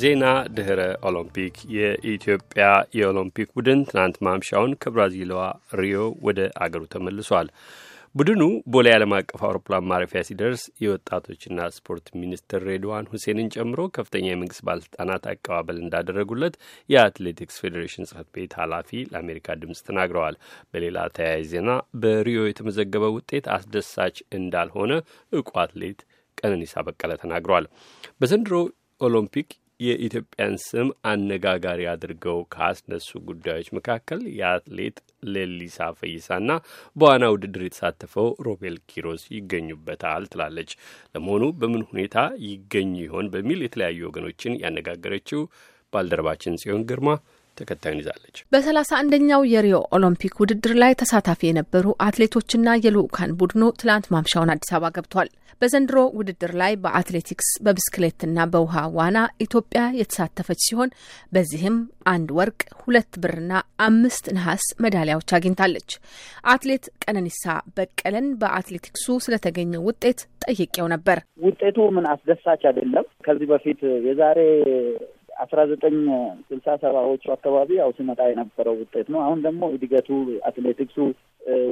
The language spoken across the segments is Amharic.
ዜና ድህረ ኦሎምፒክ የኢትዮጵያ የኦሎምፒክ ቡድን ትናንት ማምሻውን ከብራዚልዋ ሪዮ ወደ አገሩ ተመልሷል። ቡድኑ ቦሌ ዓለም አቀፍ አውሮፕላን ማረፊያ ሲደርስ የወጣቶችና ስፖርት ሚኒስትር ሬድዋን ሁሴንን ጨምሮ ከፍተኛ የመንግስት ባለስልጣናት አቀባበል እንዳደረጉለት የአትሌቲክስ ፌዴሬሽን ጽህፈት ቤት ኃላፊ ለአሜሪካ ድምፅ ተናግረዋል። በሌላ ተያያዥ ዜና በሪዮ የተመዘገበ ውጤት አስደሳች እንዳልሆነ እቁ አትሌት ቀነኒሳ በቀለ ተናግረዋል። በዘንድሮ ኦሎምፒክ የኢትዮጵያን ስም አነጋጋሪ አድርገው ካስነሱ ጉዳዮች መካከል የአትሌት ሌሊሳ ፈይሳና በዋና ውድድር የተሳተፈው ሮቤል ኪሮስ ይገኙበታል ትላለች። ለመሆኑ በምን ሁኔታ ይገኙ ይሆን በሚል የተለያዩ ወገኖችን ያነጋገረችው ባልደረባችን ጽዮን ግርማ ተከታዩን ይዛለች። በሰላሳ አንደኛው የሪዮ ኦሎምፒክ ውድድር ላይ ተሳታፊ የነበሩ አትሌቶችና የልዑካን ቡድኑ ትላንት ማምሻውን አዲስ አበባ ገብቷል። በዘንድሮ ውድድር ላይ በአትሌቲክስ በብስክሌትና በውሃ ዋና ኢትዮጵያ የተሳተፈች ሲሆን በዚህም አንድ ወርቅ፣ ሁለት ብርና አምስት ነሐስ ሜዳሊያዎች አግኝታለች። አትሌት ቀነኒሳ በቀለን በአትሌቲክሱ ስለተገኘው ውጤት ጠይቄው ነበር። ውጤቱ ምን አስደሳች አይደለም። ከዚህ በፊት የዛሬ አስራ ዘጠኝ ስልሳ ሰባዎቹ አካባቢ ያው ሲመጣ የነበረው ውጤት ነው። አሁን ደግሞ እድገቱ አትሌቲክሱ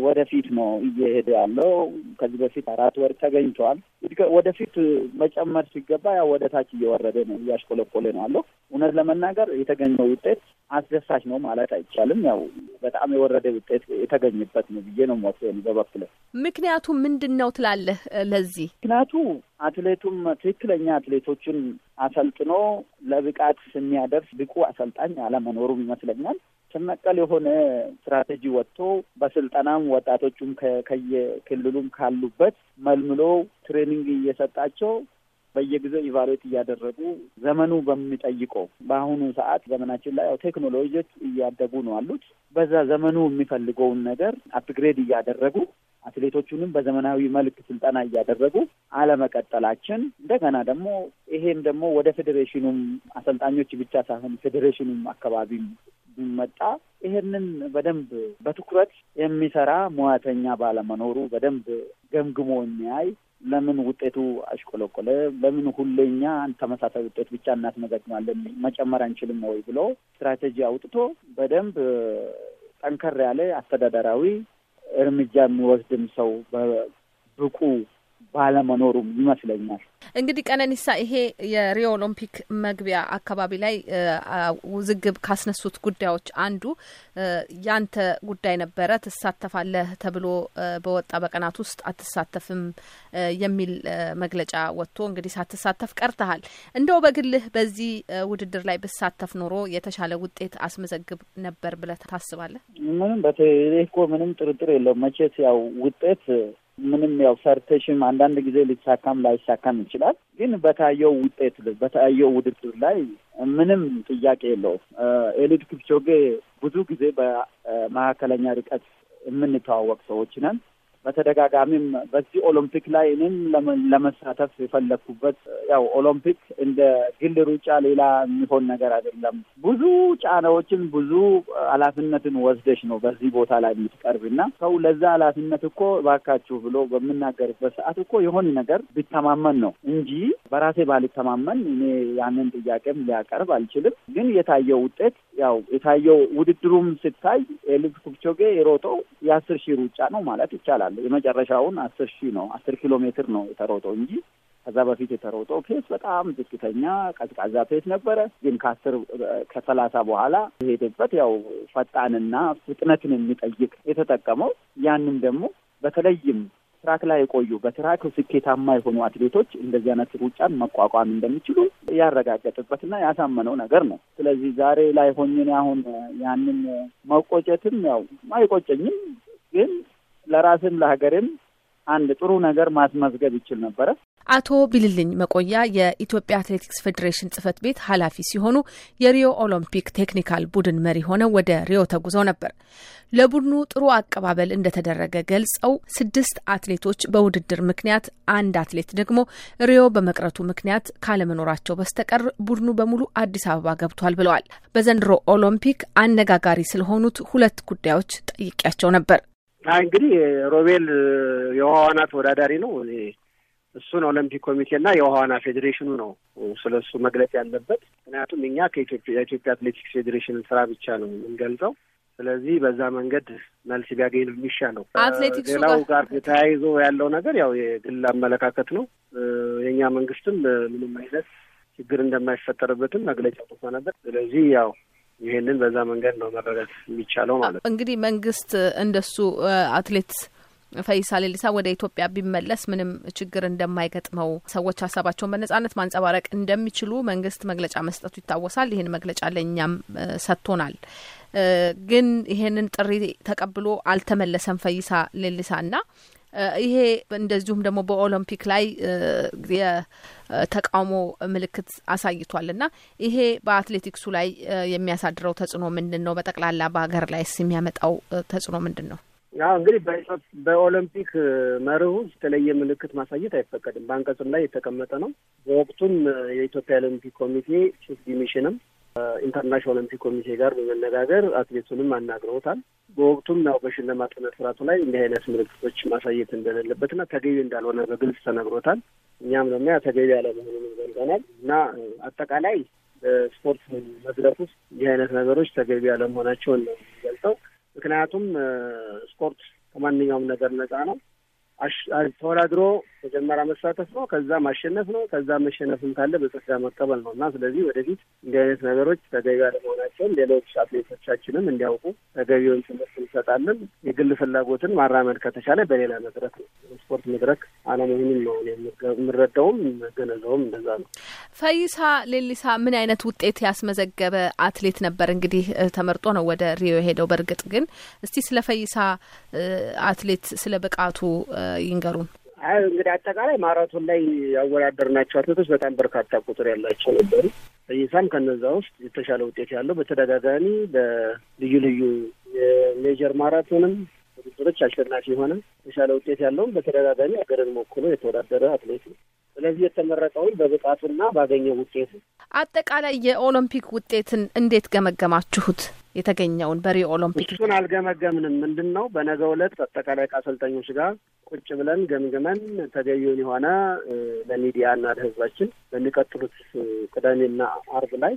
ወደፊት ነው እየሄደ ያለው። ከዚህ በፊት አራት ወር ተገኝተዋል። ወደፊት መጨመር ሲገባ ያው ወደ ታች እየወረደ ነው፣ እያሽቆለቆለ ነው አለው። እውነት ለመናገር የተገኘው ውጤት አስደሳች ነው ማለት አይቻልም። ያው በጣም የወረደ ውጤት የተገኘበት ነው ብዬ ነው ሞት በበኩል። ምክንያቱ ምንድን ነው ትላለህ? ለዚህ ምክንያቱ አትሌቱም ትክክለኛ አትሌቶችን አሰልጥኖ ለብቃት የሚያደርስ ብቁ አሰልጣኝ አለመኖሩም ይመስለኛል። ስመቀል የሆነ ስትራቴጂ ወጥቶ በስልጠናም ወጣቶቹም ከየክልሉም ካሉበት መልምሎ ትሬኒንግ እየሰጣቸው በየጊዜው ኢቫሉዌት እያደረጉ ዘመኑ በሚጠይቀው በአሁኑ ሰዓት ዘመናችን ላይ ያው ቴክኖሎጂዎች እያደጉ ነው አሉት። በዛ ዘመኑ የሚፈልገውን ነገር አፕግሬድ እያደረጉ አትሌቶቹንም በዘመናዊ መልክ ስልጠና እያደረጉ አለመቀጠላችን እንደገና ደግሞ ይሄም ደግሞ ወደ ፌዴሬሽኑም አሰልጣኞች ብቻ ሳይሆን ፌዴሬሽኑም አካባቢም ቢመጣ ይሄንን በደንብ በትኩረት የሚሰራ ሙያተኛ ባለመኖሩ በደንብ ገምግሞ የሚያይ ለምን ውጤቱ አሽቆለቆለ? ለምን ሁሌኛ ተመሳሳይ ውጤት ብቻ እናስመዘግባለን? መጨመር አንችልም ወይ ብሎ ስትራቴጂ አውጥቶ በደንብ ጠንከር ያለ አስተዳደራዊ እርምጃ የሚወስድም ሰው ብቁ ባለመኖሩ ይመስለኛል። እንግዲህ ቀነኒሳ፣ ይሄ የሪዮ ኦሎምፒክ መግቢያ አካባቢ ላይ ውዝግብ ካስነሱት ጉዳዮች አንዱ ያንተ ጉዳይ ነበረ። ትሳተፋለህ ተብሎ በወጣ በቀናት ውስጥ አትሳተፍም የሚል መግለጫ ወጥቶ እንግዲህ ሳትሳተፍ ቀርተሃል። እንደው በግልህ በዚህ ውድድር ላይ ብሳተፍ ኖሮ የተሻለ ውጤት አስመዘግብ ነበር ብለህ ታስባለህ? ምንም በቴሌኮ ምንም ጥርጥር የለውም። መቼት ያው ውጤት ምንም ያው ሰርተሽም አንዳንድ ጊዜ ሊሳካም ላይሳካም ይችላል። ግን በታየው ውጤት በታየው ውድድር ላይ ምንም ጥያቄ የለውም። ኤሊድ ኪፕቾጌ ብዙ ጊዜ በመካከለኛ ርቀት የምንተዋወቅ ሰዎች ነን። በተደጋጋሚም በዚህ ኦሎምፒክ ላይ እኔም ለመሳተፍ የፈለግኩበት ያው ኦሎምፒክ እንደ ግል ሩጫ ሌላ የሚሆን ነገር አይደለም። ብዙ ጫናዎችን፣ ብዙ ኃላፊነትን ወስደሽ ነው በዚህ ቦታ ላይ የምትቀርብና ሰው ለዛ ኃላፊነት እኮ ባካችሁ ብሎ በምናገርበት ሰዓት እኮ የሆነ ነገር ቢተማመን ነው እንጂ በራሴ ባልተማመን እኔ ያንን ጥያቄም ሊያቀርብ አልችልም። ግን የታየው ውጤት ያው የታየው ውድድሩም ስታይ ኤሊድ ኩፕቾጌ የሮጠው የአስር ሺህ ሩጫ ነው ማለት ይቻላል። ይችላል። የመጨረሻውን አስር ሺህ ነው አስር ኪሎ ሜትር ነው የተሮጠው እንጂ ከዛ በፊት የተሮጠው ፔስ በጣም ዝቅተኛ ቀዝቃዛ ፔስ ነበረ። ግን ከአስር ከሰላሳ በኋላ የሄደበት ያው ፈጣንና ፍጥነትን የሚጠይቅ የተጠቀመው ያንን ደግሞ በተለይም ትራክ ላይ የቆዩ በትራክ ስኬታማ የሆኑ አትሌቶች እንደዚህ አይነት ሩጫን መቋቋም እንደሚችሉ ያረጋገጥበትና ያሳመነው ነገር ነው። ስለዚህ ዛሬ ላይ ሆኜ አሁን ያንን መቆጨትም ያው አይቆጨኝም ግን ለራስም ለሀገርም አንድ ጥሩ ነገር ማስመዝገብ ይችል ነበረ። አቶ ቢልልኝ መቆያ የኢትዮጵያ አትሌቲክስ ፌዴሬሽን ጽህፈት ቤት ኃላፊ ሲሆኑ የሪዮ ኦሎምፒክ ቴክኒካል ቡድን መሪ ሆነው ወደ ሪዮ ተጉዘው ነበር። ለቡድኑ ጥሩ አቀባበል እንደተደረገ ገልጸው ስድስት አትሌቶች በውድድር ምክንያት፣ አንድ አትሌት ደግሞ ሪዮ በመቅረቱ ምክንያት ካለመኖራቸው በስተቀር ቡድኑ በሙሉ አዲስ አበባ ገብቷል ብለዋል። በዘንድሮ ኦሎምፒክ አነጋጋሪ ስለሆኑት ሁለት ጉዳዮች ጠይቂያቸው ነበር። እንግዲህ ሮቤል የውሃ ዋና ተወዳዳሪ ነው። እሱን ኦሎምፒክ ኮሚቴና የውሃ ዋና ፌዴሬሽኑ ነው ስለ እሱ መግለጽ ያለበት። ምክንያቱም እኛ ከኢትዮጵያ አትሌቲክስ ፌዴሬሽን ስራ ብቻ ነው የምንገልጸው። ስለዚህ በዛ መንገድ መልስ ቢያገኝ ነው የሚሻለው። ሌላው ጋር ተያይዞ ያለው ነገር ያው የግል አመለካከት ነው። የእኛ መንግስትም ምንም አይነት ችግር እንደማይፈጠርበትም መግለጫ ነበር። ስለዚህ ያው ይህንን በዛ መንገድ ነው መረዳት የሚቻለው ማለት ነው። እንግዲህ መንግስት እንደሱ አትሌት ፈይሳ ሌሊሳ ወደ ኢትዮጵያ ቢመለስ ምንም ችግር እንደማይገጥመው ሰዎች ሀሳባቸውን በነጻነት ማንጸባረቅ እንደሚችሉ መንግስት መግለጫ መስጠቱ ይታወሳል። ይህን መግለጫ ለእኛም ሰጥቶናል። ግን ይህንን ጥሪ ተቀብሎ አልተመለሰም ፈይሳ ሌሊሳ እና ይሄ እንደዚሁም ደግሞ በኦሎምፒክ ላይ የተቃውሞ ምልክት አሳይቷል እና ይሄ በአትሌቲክሱ ላይ የሚያሳድረው ተጽዕኖ ምንድን ነው? በጠቅላላ በሀገር ስ የሚያመጣው ተጽዕኖ ምንድን ነው? አዎ እንግዲህ በኦሎምፒክ መርህ ውስጥ የተለየ ምልክት ማሳየት አይፈቀድም። በአንቀጽም ላይ የተቀመጠ ነው። በወቅቱም የኢትዮጵያ ኦሎምፒክ ኮሚቴ ቺፍ ዲሚሽንም ኢንተርናሽናል ኦሎምፒክ ኮሚቴ ጋር በመነጋገር አትሌቱንም አናግረውታል። በወቅቱም ያው በሽልማት ስነ ስርዓቱ ላይ እንዲህ አይነት ምልክቶች ማሳየት እንደሌለበትና ተገቢ እንዳልሆነ በግልጽ ተነግሮታል። እኛም ደግሞ ያ ተገቢ ያለመሆኑን ገልጸናል እና አጠቃላይ በስፖርት መድረክ ውስጥ እንዲህ አይነት ነገሮች ተገቢ ያለመሆናቸውን ነው ገልጸው ምክንያቱም ስፖርት ከማንኛውም ነገር ነጻ ነው። ተወዳድሮ መጀመሪያ መሳተፍ ነው፣ ከዛ ማሸነፍ ነው፣ ከዛ መሸነፍም ካለ በጽዳ መቀበል ነው እና ስለዚህ ወደፊት እንዲህ አይነት ነገሮች ተገቢ አለመሆናቸውን ሌሎች አትሌቶቻችንም እንዲያውቁ ተገቢውን ትምህርት እንሰጣለን። የግል ፍላጎትን ማራመድ ከተቻለ በሌላ መድረክ ነው ስፖርት መድረክ አለመሆኑን ነው የምረዳውም መገነዘቡም እንደዛ ነው። ፈይሳ ሌሊሳ ምን አይነት ውጤት ያስመዘገበ አትሌት ነበር? እንግዲህ ተመርጦ ነው ወደ ሪዮ የሄደው። በእርግጥ ግን እስቲ ስለ ፈይሳ አትሌት ስለ ብቃቱ ይንገሩን። አይ እንግዲህ አጠቃላይ ማራቶን ላይ ያወዳደርናቸው አትሌቶች በጣም በርካታ ቁጥር ያላቸው ነበሩ። ፈይሳም ከነዛ ውስጥ የተሻለ ውጤት ያለው በተደጋጋሚ በልዩ ልዩ የሜጀር ማራቶንም ውድድሮች አሸናፊ የሆነ የተሻለ ውጤት ያለውም በተደጋጋሚ ሀገርን ሞክሎ የተወዳደረ አትሌት ነው። ስለዚህ የተመረጠውን በብቃቱና ባገኘው ውጤት አጠቃላይ የኦሎምፒክ ውጤትን እንዴት ገመገማችሁት? የተገኘውን በሪ ኦሎምፒክ? እሱን አልገመገምንም። ምንድን ነው በነገው ዕለት አጠቃላይ ከአሰልጣኞች ጋር ቁጭ ብለን ገምግመን ተገቢውን የሆነ ለሚዲያ እና ለህዝባችን በሚቀጥሉት ቅዳሜና አርብ ላይ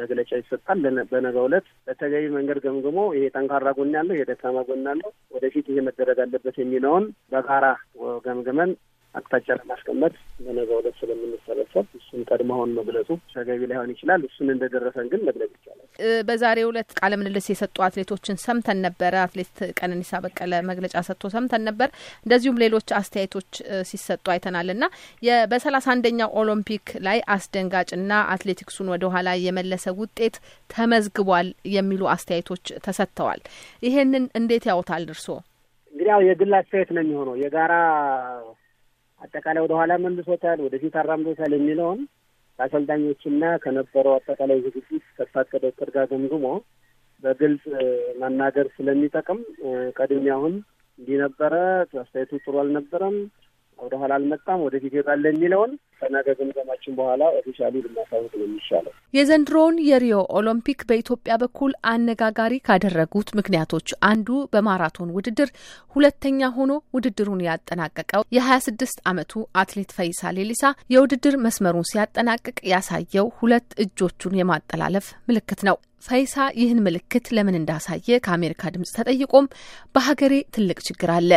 መግለጫ ይሰጣል። በነገው ዕለት በተገቢ መንገድ ገምግሞ ይሄ ጠንካራ ጎን ያለው፣ ይሄ ደካማ ጎን ያለው፣ ወደፊት ይሄ መደረግ አለበት የሚለውን በጋራ ገምግመን አቅጣጫ ለማስቀመጥ በነገ ዕለት ስለምንሰበሰብ እሱን ቀድመውን መግለጹ ተገቢ ላይሆን ይችላል። እሱን እንደደረሰን ግን መግለጽ ይቻላል። በዛሬ ሁለት ቃለ ምልልስ የሰጡ አትሌቶችን ሰምተን ነበረ። አትሌት ቀነኒሳ በቀለ መግለጫ ሰጥቶ ሰምተን ነበር። እንደዚሁም ሌሎች አስተያየቶች ሲሰጡ አይተናል ና በሰላሳ አንደኛው ኦሎምፒክ ላይ ና አትሌቲክሱን ወደ ኋላ የመለሰ ውጤት ተመዝግቧል የሚሉ አስተያየቶች ተሰጥተዋል። ይሄንን እንዴት ያውታል እርስዎ? እንግዲህ ያው የግል አስተያየት ነው የሚሆነው የጋራ አጠቃላይ ወደ ኋላ መልሶታል፣ ወደፊት አራምዶታል የሚለውን ከአሰልጣኞችና ከነበረው አጠቃላይ ዝግጅት ከስፋት ከዶክተር ጋር ገምግሞ በግልጽ መናገር ስለሚጠቅም ቀድሜ አሁን እንዲህ ነበረ፣ አስተያየቱ ጥሩ አልነበረም፣ ወደ ኋላ አልመጣም፣ ወደፊት ይሄዳል የሚለውን ከነገ ግምገማችን በኋላ ኦፊሻሊ ልናሳውቅ ነው የሚሻለው። የዘንድሮውን የሪዮ ኦሎምፒክ በኢትዮጵያ በኩል አነጋጋሪ ካደረጉት ምክንያቶች አንዱ በማራቶን ውድድር ሁለተኛ ሆኖ ውድድሩን ያጠናቀቀው የሀያ ስድስት ዓመቱ አትሌት ፈይሳ ሌሊሳ የውድድር መስመሩን ሲያጠናቅቅ ያሳየው ሁለት እጆቹን የማጠላለፍ ምልክት ነው። ፈይሳ ይህን ምልክት ለምን እንዳሳየ ከአሜሪካ ድምጽ ተጠይቆም በሀገሬ ትልቅ ችግር አለ።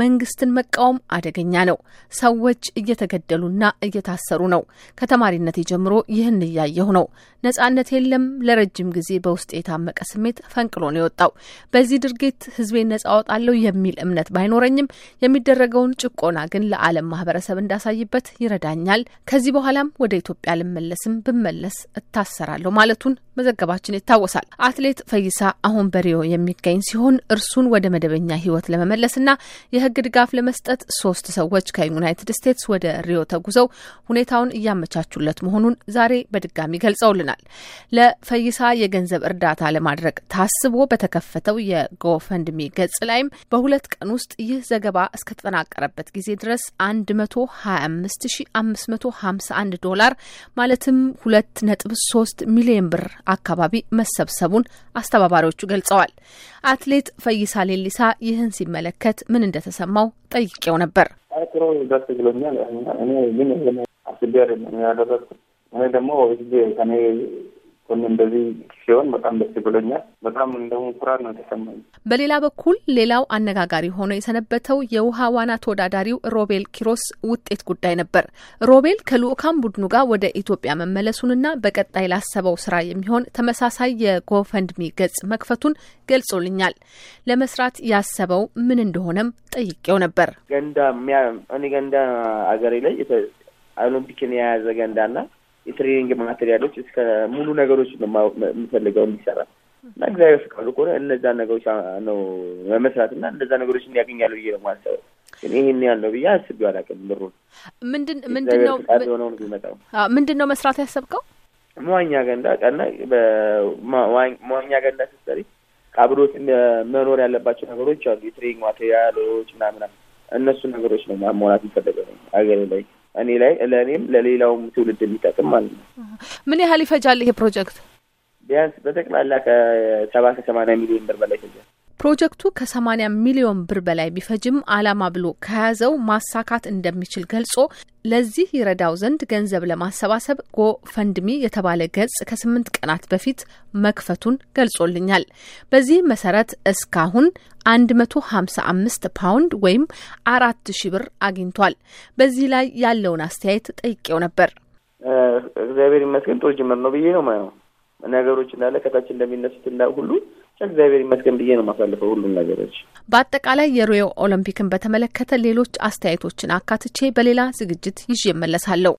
መንግስትን መቃወም አደገኛ ነው። ሰዎች እየተገደሉና እየታሰሩ ነው። ከተማሪነቴ ጀምሮ ይህን እያየሁ ነው። ነጻነት የለም። ለረጅም ጊዜ በውስጥ የታመቀ ስሜት ፈንቅሎ ነው የወጣው። በዚህ ድርጊት ህዝቤን ነጻ አወጣለሁ የሚል እምነት ባይኖረኝም የሚደረገውን ጭቆና ግን ለዓለም ማህበረሰብ እንዳሳይበት ይረዳኛል። ከዚህ በኋላም ወደ ኢትዮጵያ ልመለስም ብመለስ እታሰራለሁ ማለቱን መዘገባችን ይታወሳል። አትሌት ፈይሳ አሁን በሪዮ የሚገኝ ሲሆን እርሱን ወደ መደበኛ ህይወት ለመመለስና የህግ ድጋፍ ለመስጠት ሶስት ሰዎች ከዩናይትድ ስቴትስ ወደ ሪዮ ተጉዘው ሁኔታውን እያመቻቹለት መሆኑን ዛሬ በድጋሚ ገልጸውልናል። ለፈይሳ የገንዘብ እርዳታ ለማድረግ ታስቦ በተከፈተው የጎፈንድሚ ገጽ ላይም በሁለት ቀን ውስጥ ይህ ዘገባ እስከተጠናቀረበት ጊዜ ድረስ 125551 ዶላር ማለትም 2.3 ሚሊዮን ብር አካባቢ መሰብሰቡን አስተባባሪዎቹ ገልጸዋል። አትሌት ፈይሳ ሌሊሳ ይህን ሲመለከት ምን እንደተሰማው ጠይቄው ነበር። ጥሩ ደስ ብሎኛል። እኔ ግን አስቤ አይደለም ያደረግኩት። እኔ ደግሞ ህዝብ ከኔ ሆን እንደዚህ ሲሆን በጣም ደስ ብሎኛል። በጣም እንደሁ ኩራት ነው ተሰማኝ። በሌላ በኩል ሌላው አነጋጋሪ ሆኖ የሰነበተው የውሃ ዋና ተወዳዳሪው ሮቤል ኪሮስ ውጤት ጉዳይ ነበር። ሮቤል ከልኡካን ቡድኑ ጋር ወደ ኢትዮጵያ መመለሱንና በቀጣይ ላሰበው ስራ የሚሆን ተመሳሳይ የጎፈንድሚ ገጽ መክፈቱን ገልጾልኛል። ለመስራት ያሰበው ምን እንደሆነም ጠይቄው ነበር። ገንዳ እኔ ገንዳ አገሬ ላይ ኦሎምፒክን የያዘ ገንዳና የትሬኒንግ ማቴሪያሎች እስከ ሙሉ ነገሮች ነው የምፈልገው እንዲሰራ እና እግዚአብሔር ፍቃዱ ከሆነ እነዛ ነገሮች ነው መመስራት እና እነዛ ነገሮች እንዲያገኛሉ ብዬ ነው ማሰብ። ግን ይህን ነው ብዬ አስቢ አላውቅም። ብሩ ምንድን ምንድን ነው የሆነውን ይመጣው ምንድን ነው መስራት ያሰብከው? መዋኛ ገንዳ ቀና መዋኛ ገንዳ ስትሰሪ አብሮት መኖር ያለባቸው ነገሮች አሉ። የትሬኒንግ ማቴሪያሎች ምናምን እነሱ ነገሮች ነው ማሟላት ይፈለገ ነው አገሬ ላይ እኔ ላይ ለእኔም ለሌላውም ትውልድ የሚጠቅም ማለት ነው። ምን ያህል ይፈጃል ይሄ ፕሮጀክት? ቢያንስ በጠቅላላ ከሰባ ከሰማንያ ሚሊዮን ብር በላይ ይፈጃል። ፕሮጀክቱ ከ80 ሚሊዮን ብር በላይ ቢፈጅም ዓላማ ብሎ ከያዘው ማሳካት እንደሚችል ገልጾ ለዚህ ይረዳው ዘንድ ገንዘብ ለማሰባሰብ ጎፈንድሚ የተባለ ገጽ ከስምንት ቀናት በፊት መክፈቱን ገልጾልኛል። በዚህ መሰረት እስካሁን 155 ፓውንድ ወይም አራት ብር አግኝቷል። በዚህ ላይ ያለውን አስተያየት ጠይቄው ነበር። እግዚአብሔር ይመስገን ጥሩ ጅምር ነው ብዬ ነው ማየው ነገሮች እንዳለ ከታች እንደሚነሱት ሁሉ እግዚአብሔር ይመስገን ብዬ ነው ማሳልፈው ሁሉም ነገሮች። በአጠቃላይ የሪዮ ኦሎምፒክን በተመለከተ ሌሎች አስተያየቶችን አካትቼ በሌላ ዝግጅት ይዤ እመለሳለሁ።